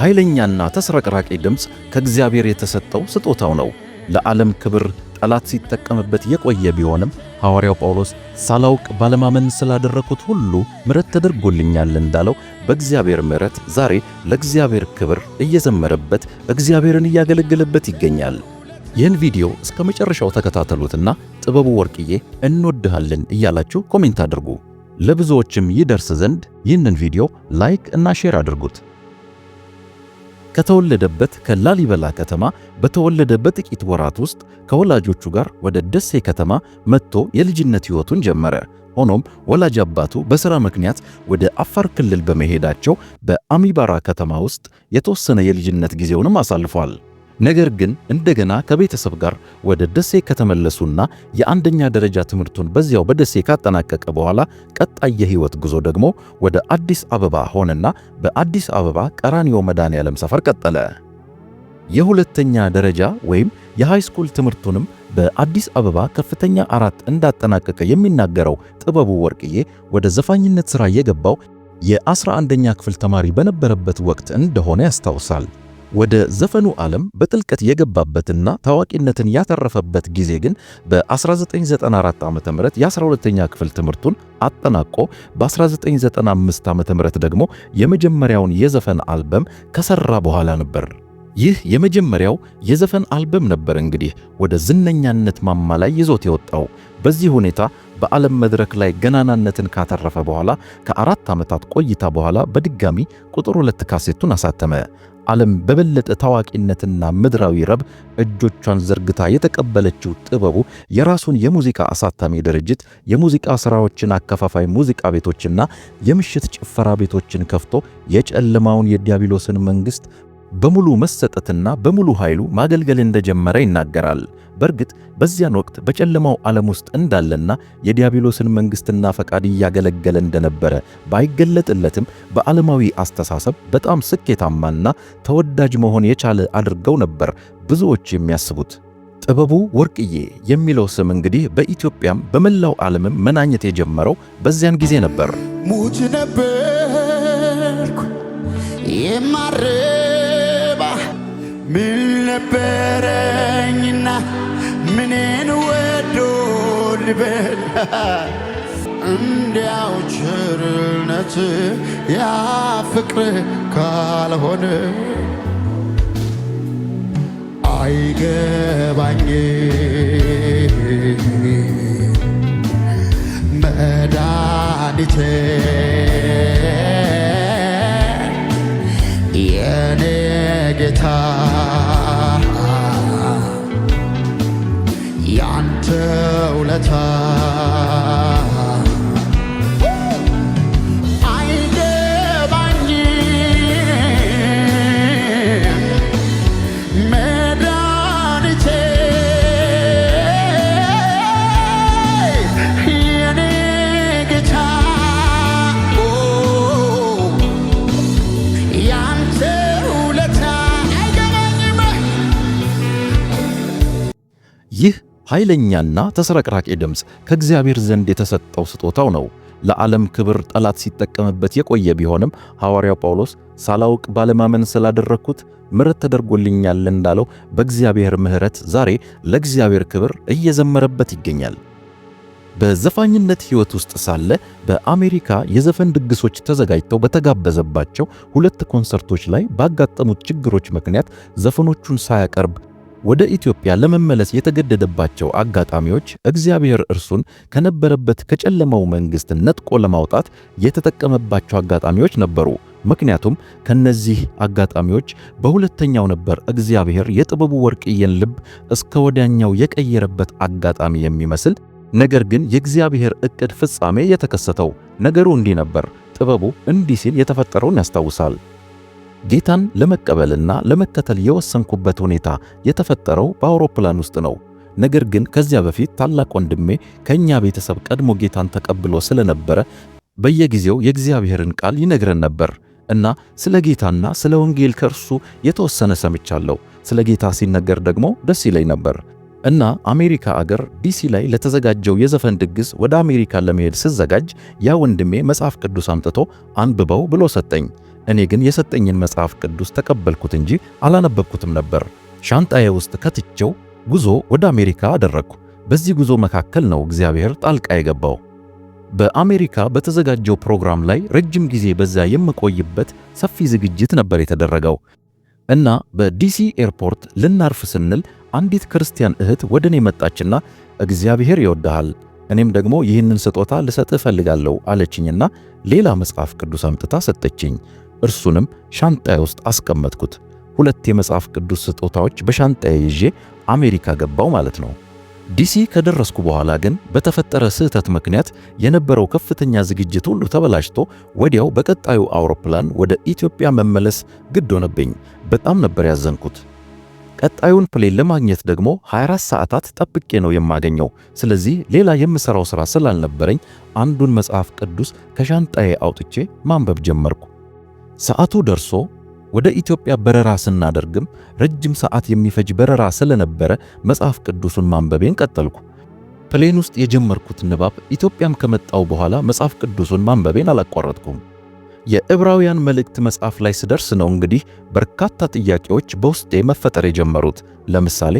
ኃይለኛና ተስረቅራቂ ድምፅ ከእግዚአብሔር የተሰጠው ስጦታው ነው። ለዓለም ክብር ጠላት ሲጠቀምበት የቆየ ቢሆንም ሐዋርያው ጳውሎስ ሳላውቅ ባለማመን ስላደረኩት ሁሉ ምሕረት ተደርጎልኛል እንዳለው በእግዚአብሔር ምሕረት ዛሬ ለእግዚአብሔር ክብር እየዘመረበት እግዚአብሔርን እያገለገለበት ይገኛል። ይህን ቪዲዮ እስከ መጨረሻው ተከታተሉትና ጥበቡ ወርቅዬ እንወድሃለን እያላችሁ ኮሜንት አድርጉ። ለብዙዎችም ይደርስ ዘንድ ይህንን ቪዲዮ ላይክ እና ሼር አድርጉት። ከተወለደበት ከላሊበላ ከተማ በተወለደበት ጥቂት ወራት ውስጥ ከወላጆቹ ጋር ወደ ደሴ ከተማ መጥቶ የልጅነት ሕይወቱን ጀመረ። ሆኖም ወላጅ አባቱ በሥራ ምክንያት ወደ አፋር ክልል በመሄዳቸው በአሚባራ ከተማ ውስጥ የተወሰነ የልጅነት ጊዜውንም አሳልፏል። ነገር ግን እንደገና ከቤተሰብ ጋር ወደ ደሴ ከተመለሱና የአንደኛ ደረጃ ትምህርቱን በዚያው በደሴ ካጠናቀቀ በኋላ ቀጣይ የህይወት ጉዞ ደግሞ ወደ አዲስ አበባ ሆነና በአዲስ አበባ ቀራኒዮ መድኃኔዓለም ሰፈር ቀጠለ። የሁለተኛ ደረጃ ወይም የሃይስኩል ትምህርቱንም በአዲስ አበባ ከፍተኛ አራት እንዳጠናቀቀ የሚናገረው ጥበቡ ወርቅዬ ወደ ዘፋኝነት ሥራ የገባው የ11ኛ ክፍል ተማሪ በነበረበት ወቅት እንደሆነ ያስታውሳል። ወደ ዘፈኑ ዓለም በጥልቀት የገባበትና ታዋቂነትን ያተረፈበት ጊዜ ግን በ1994 ዓ.ም የ12ኛ ክፍል ትምህርቱን አጠናቆ በ1995 ዓ.ም ደግሞ የመጀመሪያውን የዘፈን አልበም ከሰራ በኋላ ነበር። ይህ የመጀመሪያው የዘፈን አልበም ነበር እንግዲህ ወደ ዝነኛነት ማማ ላይ ይዞት የወጣው። በዚህ ሁኔታ በዓለም መድረክ ላይ ገናናነትን ካተረፈ በኋላ ከአራት ዓመታት ቆይታ በኋላ በድጋሚ ቁጥር ሁለት ካሴቱን አሳተመ። ዓለም በበለጠ ታዋቂነትና ምድራዊ ረብ እጆቿን ዘርግታ የተቀበለችው ጥበቡ የራሱን የሙዚቃ አሳታሚ ድርጅት፣ የሙዚቃ ሥራዎችን አከፋፋይ ሙዚቃ ቤቶችና የምሽት ጭፈራ ቤቶችን ከፍቶ የጨለማውን የዲያብሎስን መንግሥት በሙሉ መሰጠትና በሙሉ ኃይሉ ማገልገል እንደጀመረ ይናገራል። በእርግጥ በዚያን ወቅት በጨለማው ዓለም ውስጥ እንዳለና የዲያብሎስን መንግሥትና ፈቃድ እያገለገለ እንደነበረ ባይገለጥለትም በዓለማዊ አስተሳሰብ በጣም ስኬታማና ተወዳጅ መሆን የቻለ አድርገው ነበር ብዙዎች የሚያስቡት። ጥበቡ ወርቅዬ የሚለው ስም እንግዲህ በኢትዮጵያም በመላው ዓለምም መናኘት የጀመረው በዚያን ጊዜ ነበር። ሙች ነበርኩ የማረባ ምን ነበረኝና ምንን ወዶ ልበል እንዲያው ቸርነት ያ ፍቅር ካልሆነ አይገባኝ መድኃኒቴ የኔ ጌታ ምህረቷ አይገባኝ መድኃኒቴ የኔ ጌታ ውለታ አይገባኝም ይህ ኃይለኛና ተስረቅራቂ ድምፅ ከእግዚአብሔር ዘንድ የተሰጠው ስጦታው ነው። ለዓለም ክብር ጠላት ሲጠቀምበት የቆየ ቢሆንም ሐዋርያው ጳውሎስ ሳላውቅ ባለማመን ስላደረግኩት ምሕረት ተደርጎልኛል እንዳለው በእግዚአብሔር ምሕረት ዛሬ ለእግዚአብሔር ክብር እየዘመረበት ይገኛል። በዘፋኝነት ሕይወት ውስጥ ሳለ በአሜሪካ የዘፈን ድግሶች ተዘጋጅተው በተጋበዘባቸው ሁለት ኮንሰርቶች ላይ ባጋጠሙት ችግሮች ምክንያት ዘፈኖቹን ሳያቀርብ ወደ ኢትዮጵያ ለመመለስ የተገደደባቸው አጋጣሚዎች እግዚአብሔር እርሱን ከነበረበት ከጨለማው መንግስት ነጥቆ ለማውጣት የተጠቀመባቸው አጋጣሚዎች ነበሩ። ምክንያቱም ከነዚህ አጋጣሚዎች በሁለተኛው ነበር እግዚአብሔር የጥበቡ ወርቅዬን ልብ እስከ ወዲያኛው የቀየረበት አጋጣሚ የሚመስል ነገር ግን የእግዚአብሔር እቅድ ፍጻሜ የተከሰተው። ነገሩ እንዲህ ነበር። ጥበቡ እንዲህ ሲል የተፈጠረውን ያስታውሳል። ጌታን ለመቀበልና ለመከተል የወሰንኩበት ሁኔታ የተፈጠረው በአውሮፕላን ውስጥ ነው። ነገር ግን ከዚያ በፊት ታላቅ ወንድሜ ከእኛ ቤተሰብ ቀድሞ ጌታን ተቀብሎ ስለነበረ በየጊዜው የእግዚአብሔርን ቃል ይነግረን ነበር እና ስለ ጌታና ስለ ወንጌል ከእርሱ የተወሰነ ሰምቻለሁ። ስለ ጌታ ሲነገር ደግሞ ደስ ይለኝ ነበር እና አሜሪካ አገር ዲሲ ላይ ለተዘጋጀው የዘፈን ድግስ ወደ አሜሪካ ለመሄድ ስዘጋጅ ያ ወንድሜ መጽሐፍ ቅዱስ አምጥቶ አንብበው ብሎ ሰጠኝ። እኔ ግን የሰጠኝን መጽሐፍ ቅዱስ ተቀበልኩት እንጂ አላነበብኩትም ነበር። ሻንጣዬ ውስጥ ከትቼው ጉዞ ወደ አሜሪካ አደረግኩ። በዚህ ጉዞ መካከል ነው እግዚአብሔር ጣልቃ የገባው። በአሜሪካ በተዘጋጀው ፕሮግራም ላይ ረጅም ጊዜ በዛ የምቆይበት ሰፊ ዝግጅት ነበር የተደረገው እና በዲሲ ኤርፖርት ልናርፍ ስንል አንዲት ክርስቲያን እህት ወደ እኔ መጣችና እግዚአብሔር ይወድሃል፣ እኔም ደግሞ ይህንን ስጦታ ልሰጥ እፈልጋለሁ አለችኝና ሌላ መጽሐፍ ቅዱስ አምጥታ ሰጠችኝ። እርሱንም ሻንጣዬ ውስጥ አስቀመጥኩት። ሁለት የመጽሐፍ ቅዱስ ስጦታዎች በሻንጣዬ ይዤ አሜሪካ ገባው ማለት ነው። ዲሲ ከደረስኩ በኋላ ግን በተፈጠረ ስህተት ምክንያት የነበረው ከፍተኛ ዝግጅት ሁሉ ተበላሽቶ ወዲያው በቀጣዩ አውሮፕላን ወደ ኢትዮጵያ መመለስ ግድ ሆነብኝ። በጣም ነበር ያዘንኩት። ቀጣዩን ፕሌን ለማግኘት ደግሞ 24 ሰዓታት ጠብቄ ነው የማገኘው። ስለዚህ ሌላ የምሠራው ሥራ ስላልነበረኝ አንዱን መጽሐፍ ቅዱስ ከሻንጣዬ አውጥቼ ማንበብ ጀመርኩ። ሰዓቱ ደርሶ ወደ ኢትዮጵያ በረራ ስናደርግም ረጅም ሰዓት የሚፈጅ በረራ ስለነበረ መጽሐፍ ቅዱሱን ማንበቤን ቀጠልኩ። ፕሌን ውስጥ የጀመርኩት ንባብ ኢትዮጵያም ከመጣው በኋላ መጽሐፍ ቅዱሱን ማንበቤን አላቋረጥኩም። የዕብራውያን መልእክት መጽሐፍ ላይ ስደርስ ነው እንግዲህ በርካታ ጥያቄዎች በውስጤ መፈጠር የጀመሩት። ለምሳሌ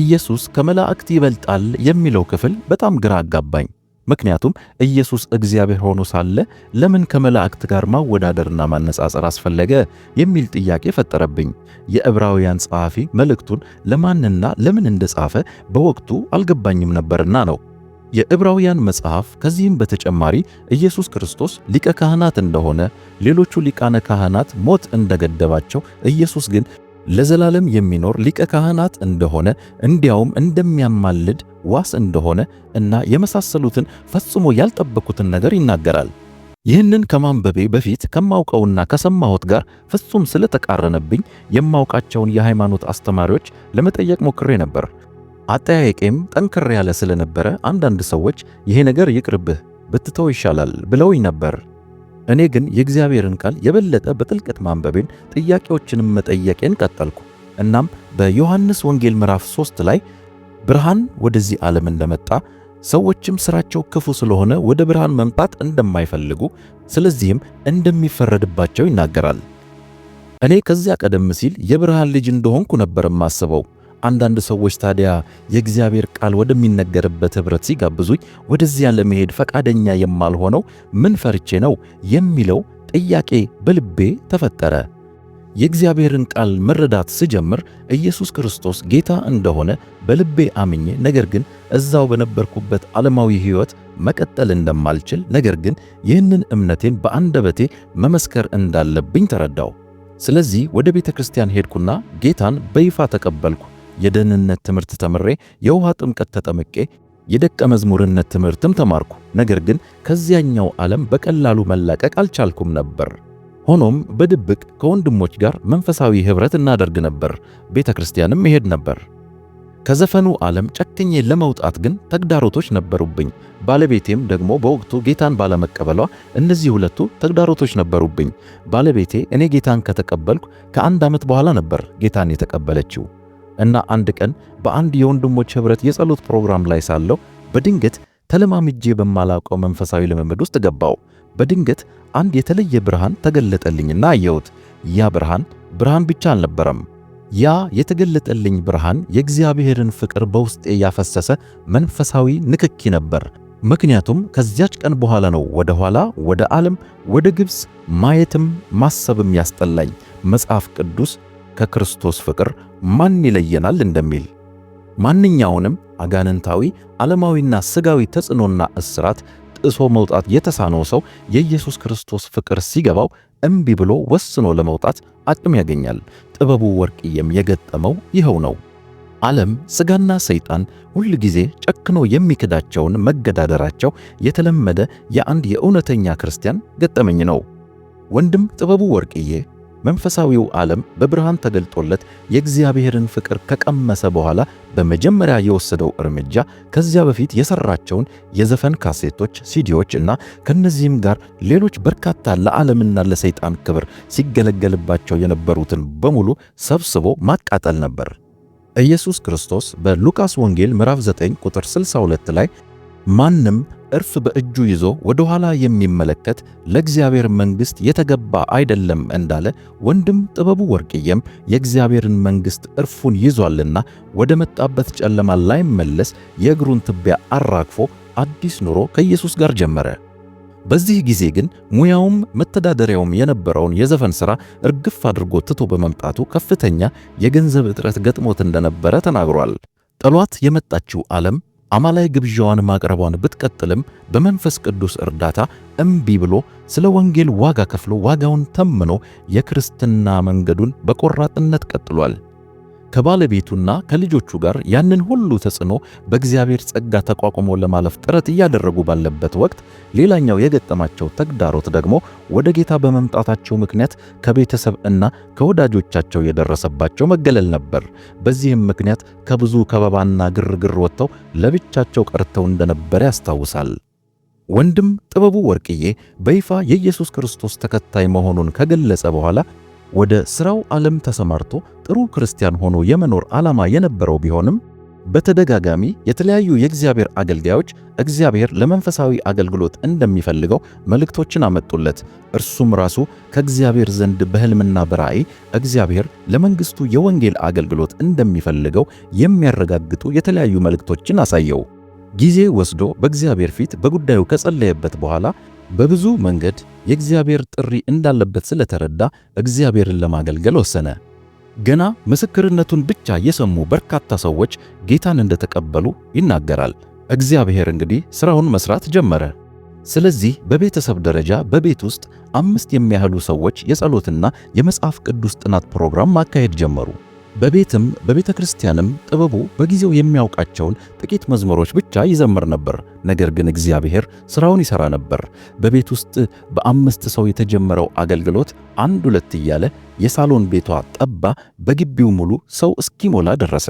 ኢየሱስ ከመላእክት ይበልጣል የሚለው ክፍል በጣም ግራ አጋባኝ። ምክንያቱም ኢየሱስ እግዚአብሔር ሆኖ ሳለ ለምን ከመላእክት ጋር ማወዳደርና ማነጻጸር አስፈለገ የሚል ጥያቄ ፈጠረብኝ። የዕብራውያን ጸሐፊ መልእክቱን ለማንና ለምን እንደጻፈ በወቅቱ አልገባኝም ነበርና ነው። የዕብራውያን መጽሐፍ ከዚህም በተጨማሪ ኢየሱስ ክርስቶስ ሊቀ ካህናት እንደሆነ፣ ሌሎቹ ሊቃነ ካህናት ሞት እንደገደባቸው፣ ኢየሱስ ግን ለዘላለም የሚኖር ሊቀ ካህናት እንደሆነ እንዲያውም እንደሚያማልድ ዋስ እንደሆነ እና የመሳሰሉትን ፈጽሞ ያልጠበኩትን ነገር ይናገራል። ይህንን ከማንበቤ በፊት ከማውቀውና ከሰማሁት ጋር ፍጹም ስለተቃረነብኝ የማውቃቸውን የሃይማኖት አስተማሪዎች ለመጠየቅ ሞክሬ ነበር። አጠያየቄም ጠንከር ያለ ስለነበረ አንዳንድ ሰዎች ይሄ ነገር ይቅርብህ ብትተው ይሻላል ብለውኝ ነበር። እኔ ግን የእግዚአብሔርን ቃል የበለጠ በጥልቀት ማንበቤን ጥያቄዎችንም መጠየቄን ቀጠልኩ። እናም በዮሐንስ ወንጌል ምዕራፍ 3 ላይ ብርሃን ወደዚህ ዓለም እንደመጣ ሰዎችም ስራቸው ክፉ ስለሆነ ወደ ብርሃን መምጣት እንደማይፈልጉ ስለዚህም እንደሚፈረድባቸው ይናገራል። እኔ ከዚያ ቀደም ሲል የብርሃን ልጅ እንደሆንኩ ነበር የማስበው። አንዳንድ ሰዎች ታዲያ የእግዚአብሔር ቃል ወደሚነገርበት ኅብረት ሲጋብዙኝ ወደዚያ ለመሄድ ፈቃደኛ የማልሆነው ምን ፈርቼ ነው የሚለው ጥያቄ በልቤ ተፈጠረ። የእግዚአብሔርን ቃል መረዳት ስጀምር ኢየሱስ ክርስቶስ ጌታ እንደሆነ በልቤ አምኜ ነገር ግን እዛው በነበርኩበት ዓለማዊ ሕይወት መቀጠል እንደማልችል ነገር ግን ይህንን እምነቴን በአንደበቴ መመስከር እንዳለብኝ ተረዳው ስለዚህ ወደ ቤተ ክርስቲያን ሄድኩና ጌታን በይፋ ተቀበልኩ። የደህንነት ትምህርት ተምሬ፣ የውሃ ጥምቀት ተጠምቄ፣ የደቀ መዝሙርነት ትምህርትም ተማርኩ። ነገር ግን ከዚያኛው ዓለም በቀላሉ መላቀቅ አልቻልኩም ነበር። ሆኖም በድብቅ ከወንድሞች ጋር መንፈሳዊ ኅብረት እናደርግ ነበር፣ ቤተ ክርስቲያንም እሄድ ነበር። ከዘፈኑ ዓለም ጨክኜ ለመውጣት ግን ተግዳሮቶች ነበሩብኝ። ባለቤቴም ደግሞ በወቅቱ ጌታን ባለመቀበሏ እነዚህ ሁለቱ ተግዳሮቶች ነበሩብኝ። ባለቤቴ እኔ ጌታን ከተቀበልኩ ከአንድ ዓመት በኋላ ነበር ጌታን የተቀበለችው እና አንድ ቀን በአንድ የወንድሞች ኅብረት የጸሎት ፕሮግራም ላይ ሳለው በድንገት ተለማምጄ በማላውቀው መንፈሳዊ ልምምድ ውስጥ ገባው። በድንገት አንድ የተለየ ብርሃን ተገለጠልኝና አየሁት። ያ ብርሃን ብርሃን ብቻ አልነበረም። ያ የተገለጠልኝ ብርሃን የእግዚአብሔርን ፍቅር በውስጤ ያፈሰሰ መንፈሳዊ ንክኪ ነበር። ምክንያቱም ከዚያች ቀን በኋላ ነው ወደ ኋላ ወደ ዓለም ወደ ግብፅ ማየትም ማሰብም ያስጠላኝ። መጽሐፍ ቅዱስ ከክርስቶስ ፍቅር ማን ይለየናል እንደሚል ማንኛውንም አጋንንታዊ ዓለማዊና ሥጋዊ ተጽዕኖና እስራት ጥሶ መውጣት የተሳነው ሰው የኢየሱስ ክርስቶስ ፍቅር ሲገባው እምቢ ብሎ ወስኖ ለመውጣት አቅም ያገኛል። ጥበቡ ወርቅዬም የገጠመው ይኸው ነው። ዓለም ሥጋና ሰይጣን ሁል ጊዜ ጨክኖ የሚክዳቸውን መገዳደራቸው የተለመደ የአንድ የእውነተኛ ክርስቲያን ገጠመኝ ነው። ወንድም ጥበቡ ወርቅዬ መንፈሳዊው ዓለም በብርሃን ተገልጦለት የእግዚአብሔርን ፍቅር ከቀመሰ በኋላ በመጀመሪያ የወሰደው እርምጃ ከዚያ በፊት የሰራቸውን የዘፈን ካሴቶች፣ ሲዲዎች እና ከነዚህም ጋር ሌሎች በርካታ ለዓለምና ለሰይጣን ክብር ሲገለገልባቸው የነበሩትን በሙሉ ሰብስቦ ማቃጠል ነበር። ኢየሱስ ክርስቶስ በሉቃስ ወንጌል ምዕራፍ 9 ቁጥር 62 ላይ ማንም እርፍ በእጁ ይዞ ወደ ኋላ የሚመለከት ለእግዚአብሔር መንግሥት የተገባ አይደለም እንዳለ ወንድም ጥበቡ ወርቅየም የእግዚአብሔርን መንግሥት እርፉን ይዟልና ወደ መጣበት ጨለማ ላይመለስ የእግሩን ትቢያ አራግፎ አዲስ ኑሮ ከኢየሱስ ጋር ጀመረ። በዚህ ጊዜ ግን ሙያውም መተዳደሪያውም የነበረውን የዘፈን ሥራ እርግፍ አድርጎ ትቶ በመምጣቱ ከፍተኛ የገንዘብ እጥረት ገጥሞት እንደነበረ ተናግሯል። ጥሏት የመጣችው ዓለም አማላይ ግብዣዋን ማቅረቧን ብትቀጥልም በመንፈስ ቅዱስ እርዳታ እምቢ ብሎ ስለ ወንጌል ዋጋ ከፍሎ ዋጋውን ተምኖ የክርስትና መንገዱን በቆራጥነት ቀጥሏል። ከባለቤቱና ከልጆቹ ጋር ያንን ሁሉ ተጽዕኖ በእግዚአብሔር ጸጋ ተቋቁሞ ለማለፍ ጥረት እያደረጉ ባለበት ወቅት ሌላኛው የገጠማቸው ተግዳሮት ደግሞ ወደ ጌታ በመምጣታቸው ምክንያት ከቤተሰብ እና ከወዳጆቻቸው የደረሰባቸው መገለል ነበር። በዚህም ምክንያት ከብዙ ከበባና ግርግር ወጥተው ለብቻቸው ቀርተው እንደነበረ ያስታውሳል። ወንድም ጥበቡ ወርቅዬ በይፋ የኢየሱስ ክርስቶስ ተከታይ መሆኑን ከገለጸ በኋላ ወደ ስራው ዓለም ተሰማርቶ ጥሩ ክርስቲያን ሆኖ የመኖር ዓላማ የነበረው ቢሆንም በተደጋጋሚ የተለያዩ የእግዚአብሔር አገልጋዮች እግዚአብሔር ለመንፈሳዊ አገልግሎት እንደሚፈልገው መልእክቶችን አመጡለት። እርሱም ራሱ ከእግዚአብሔር ዘንድ በሕልምና በራእይ እግዚአብሔር ለመንግሥቱ የወንጌል አገልግሎት እንደሚፈልገው የሚያረጋግጡ የተለያዩ መልእክቶችን አሳየው። ጊዜ ወስዶ በእግዚአብሔር ፊት በጉዳዩ ከጸለየበት በኋላ በብዙ መንገድ የእግዚአብሔር ጥሪ እንዳለበት ስለተረዳ እግዚአብሔርን ለማገልገል ወሰነ። ገና ምስክርነቱን ብቻ የሰሙ በርካታ ሰዎች ጌታን እንደተቀበሉ ይናገራል። እግዚአብሔር እንግዲህ ሥራውን መስራት ጀመረ። ስለዚህ በቤተሰብ ደረጃ በቤት ውስጥ አምስት የሚያህሉ ሰዎች የጸሎትና የመጽሐፍ ቅዱስ ጥናት ፕሮግራም ማካሄድ ጀመሩ። በቤትም በቤተ ክርስቲያንም ጥበቡ በጊዜው የሚያውቃቸውን ጥቂት መዝሙሮች ብቻ ይዘምር ነበር። ነገር ግን እግዚአብሔር ሥራውን ይሠራ ነበር። በቤት ውስጥ በአምስት ሰው የተጀመረው አገልግሎት አንድ ሁለት እያለ የሳሎን ቤቷ ጠባ፣ በግቢው ሙሉ ሰው እስኪሞላ ደረሰ።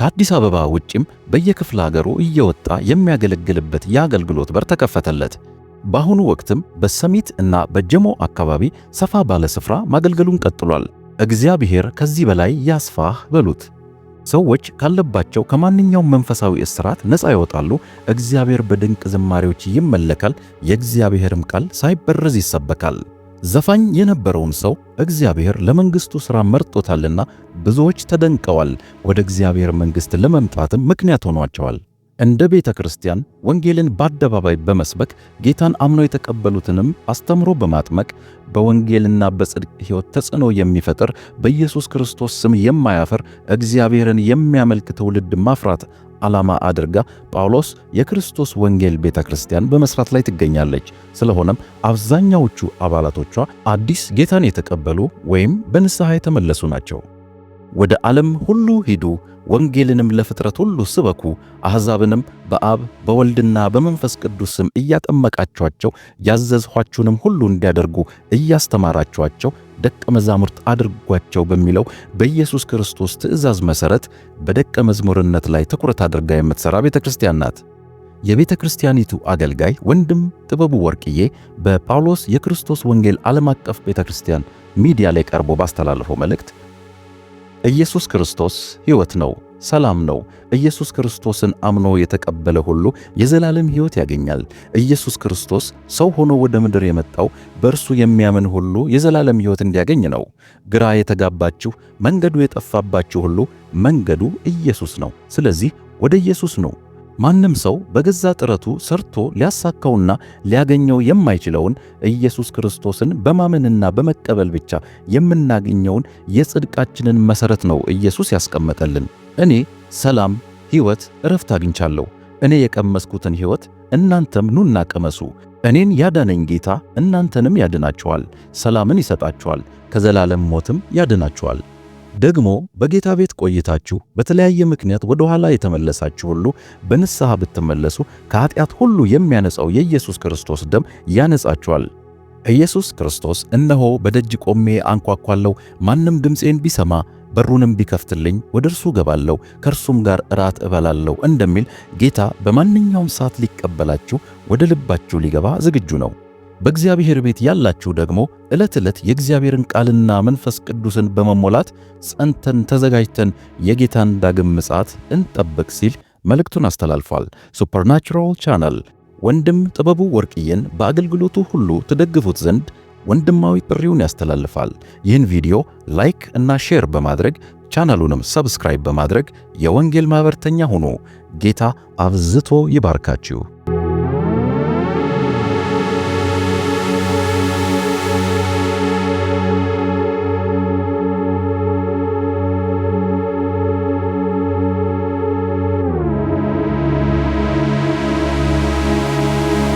ከአዲስ አበባ ውጪም በየክፍለ ሀገሩ እየወጣ የሚያገለግልበት የአገልግሎት በር ተከፈተለት። በአሁኑ ወቅትም በሰሚት እና በጀሞ አካባቢ ሰፋ ባለ ስፍራ ማገልገሉን ቀጥሏል። እግዚአብሔር ከዚህ በላይ ያስፋህ በሉት። ሰዎች ካለባቸው ከማንኛውም መንፈሳዊ እስራት ነፃ ይወጣሉ። እግዚአብሔር በድንቅ ዝማሬዎች ይመለካል፣ የእግዚአብሔርም ቃል ሳይበረዝ ይሰበካል። ዘፋኝ የነበረውን ሰው እግዚአብሔር ለመንግሥቱ ሥራ መርጦታልና ብዙዎች ተደንቀዋል፣ ወደ እግዚአብሔር መንግሥት ለመምጣትም ምክንያት ሆኗቸዋል። እንደ ቤተ ክርስቲያን ወንጌልን በአደባባይ በመስበክ ጌታን አምነው የተቀበሉትንም አስተምሮ በማጥመቅ በወንጌልና በጽድቅ ሕይወት ተጽዕኖ የሚፈጥር በኢየሱስ ክርስቶስ ስም የማያፈር እግዚአብሔርን የሚያመልክ ትውልድ ማፍራት ዓላማ አድርጋ ጳውሎስ የክርስቶስ ወንጌል ቤተ ክርስቲያን በመስራት ላይ ትገኛለች። ስለሆነም አብዛኛዎቹ አባላቶቿ አዲስ ጌታን የተቀበሉ ወይም በንስሐ የተመለሱ ናቸው። ወደ ዓለም ሁሉ ሂዱ፣ ወንጌልንም ለፍጥረት ሁሉ ስበኩ፣ አሕዛብንም በአብ በወልድና በመንፈስ ቅዱስ ስም እያጠመቃችኋቸው ያዘዝኋችሁንም ሁሉ እንዲያደርጉ እያስተማራችኋቸው ደቀ መዛሙርት አድርጓቸው በሚለው በኢየሱስ ክርስቶስ ትእዛዝ መሠረት በደቀ መዝሙርነት ላይ ትኩረት አድርጋ የምትሠራ ቤተ ክርስቲያን ናት። የቤተ ክርስቲያኒቱ አገልጋይ ወንድም ጥበቡ ወርቅዬ በጳውሎስ የክርስቶስ ወንጌል ዓለም አቀፍ ቤተ ክርስቲያን ሚዲያ ላይ ቀርቦ ባስተላለፈው መልእክት ኢየሱስ ክርስቶስ ሕይወት ነው፣ ሰላም ነው። ኢየሱስ ክርስቶስን አምኖ የተቀበለ ሁሉ የዘላለም ሕይወት ያገኛል። ኢየሱስ ክርስቶስ ሰው ሆኖ ወደ ምድር የመጣው በእርሱ የሚያምን ሁሉ የዘላለም ሕይወት እንዲያገኝ ነው። ግራ የተጋባችሁ መንገዱ የጠፋባችሁ ሁሉ መንገዱ ኢየሱስ ነው። ስለዚህ ወደ ኢየሱስ ነው። ማንም ሰው በገዛ ጥረቱ ሰርቶ ሊያሳካውና ሊያገኘው የማይችለውን ኢየሱስ ክርስቶስን በማመንና በመቀበል ብቻ የምናገኘውን የጽድቃችንን መሰረት ነው ኢየሱስ ያስቀመጠልን። እኔ ሰላም፣ ሕይወት፣ እረፍት አግኝቻለሁ። እኔ የቀመስኩትን ሕይወት እናንተም ኑና ቀመሱ። እኔን ያዳነኝ ጌታ እናንተንም ያድናችኋል፣ ሰላምን ይሰጣችኋል፣ ከዘላለም ሞትም ያድናችኋል። ደግሞ በጌታ ቤት ቆይታችሁ በተለያየ ምክንያት ወደ ኋላ የተመለሳችሁ ሁሉ በንስሐ ብትመለሱ ከኃጢአት ሁሉ የሚያነጻው የኢየሱስ ክርስቶስ ደም ያነጻችኋል። ኢየሱስ ክርስቶስ እነሆ በደጅ ቆሜ አንኳኳለሁ፣ ማንም ድምፄን ቢሰማ በሩንም ቢከፍትልኝ ወደ እርሱ ገባለሁ፣ ከእርሱም ጋር እራት እበላለሁ እንደሚል ጌታ በማንኛውም ሰዓት ሊቀበላችሁ ወደ ልባችሁ ሊገባ ዝግጁ ነው። በእግዚአብሔር ቤት ያላችሁ ደግሞ ዕለት ዕለት የእግዚአብሔርን ቃልና መንፈስ ቅዱስን በመሞላት ጸንተን ተዘጋጅተን የጌታን ዳግም ምጽአት እንጠብቅ ሲል መልእክቱን አስተላልፏል። ሱፐርናቹራል ቻናል ወንድም ጥበቡ ወርቅዬን በአገልግሎቱ ሁሉ ትደግፉት ዘንድ ወንድማዊ ጥሪውን ያስተላልፋል። ይህን ቪዲዮ ላይክ እና ሼር በማድረግ ቻናሉንም ሰብስክራይብ በማድረግ የወንጌል ማኅበርተኛ ሁኑ። ጌታ አብዝቶ ይባርካችሁ።